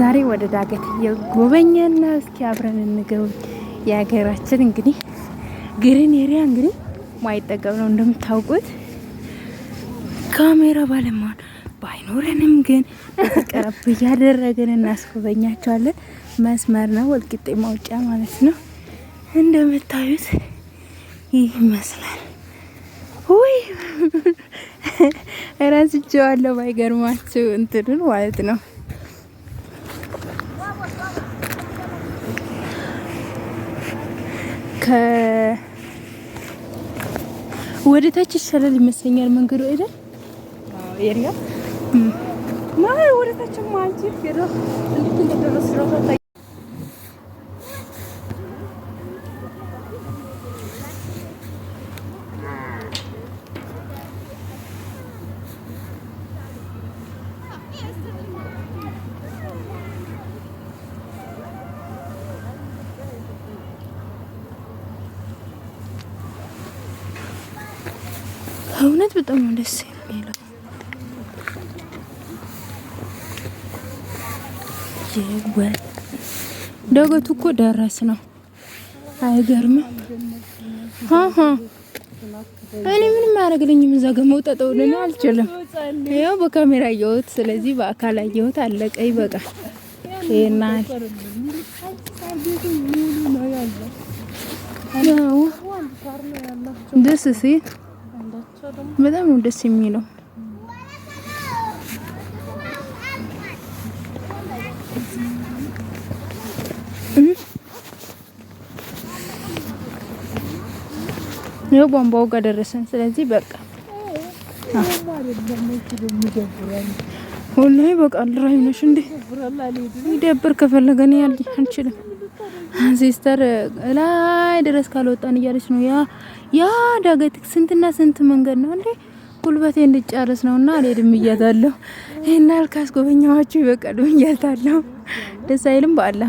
ዛሬ ወደ ዳገት እየጎበኘና እስኪ አብረን እንገብ የሀገራችን እንግዲህ ግሪን ኤሪያ እንግዲህ ማይጠቀም ነው እንደምታውቁት። ካሜራ ባለሙያ ባይኖረንም ግን ቀረብ እያደረግን እናስጎበኛቸዋለን። መስመር ነው ወልቂጤ ማውጫ ማለት ነው። እንደምታዩት ይህ ይመስላል። ውይ እረስቸዋለሁ ባይገርማችሁ እንትኑን ማለት ነው ወደ ታች ይሻላል ይመስለኛል መንገዱ አይደል? አዎ፣ ወደ ታች ማለት ነው። እውነት በጣም ነው ደስ የሚለው። ደገቱ እኮ ደረስ ነው። አይገርም። እኔ ምንም አያደርግልኝም። እዛ ጋር መውጣት ወደኔ አልችልም። ያው በካሜራ አየሁት፣ ስለዚህ በአካል አየሁት። አለቀ፣ ይበቃል። ይና ደስ ሲል በጣም ነው ደስ የሚለው። ይኸው ቧንቧው ጋር ደረሰን። ስለዚህ በቃ ወላሂ በቃ ልራይ ነሽ እንዴ ይደብር ከፈለገን ያል አንችልም ሲስተር ላይ ድረስ ካልወጣን እያለች ነው። ያ ያ ዳገት ስንትና ስንት መንገድ ነው እንዴ! ጉልበቴ እንድጨርስ እና አልሄድም እያታለሁ። ይሄን ያህል ካስጎበኛዋችሁ ይበቃሉ እያታለሁ። ደስ አይልም በአላ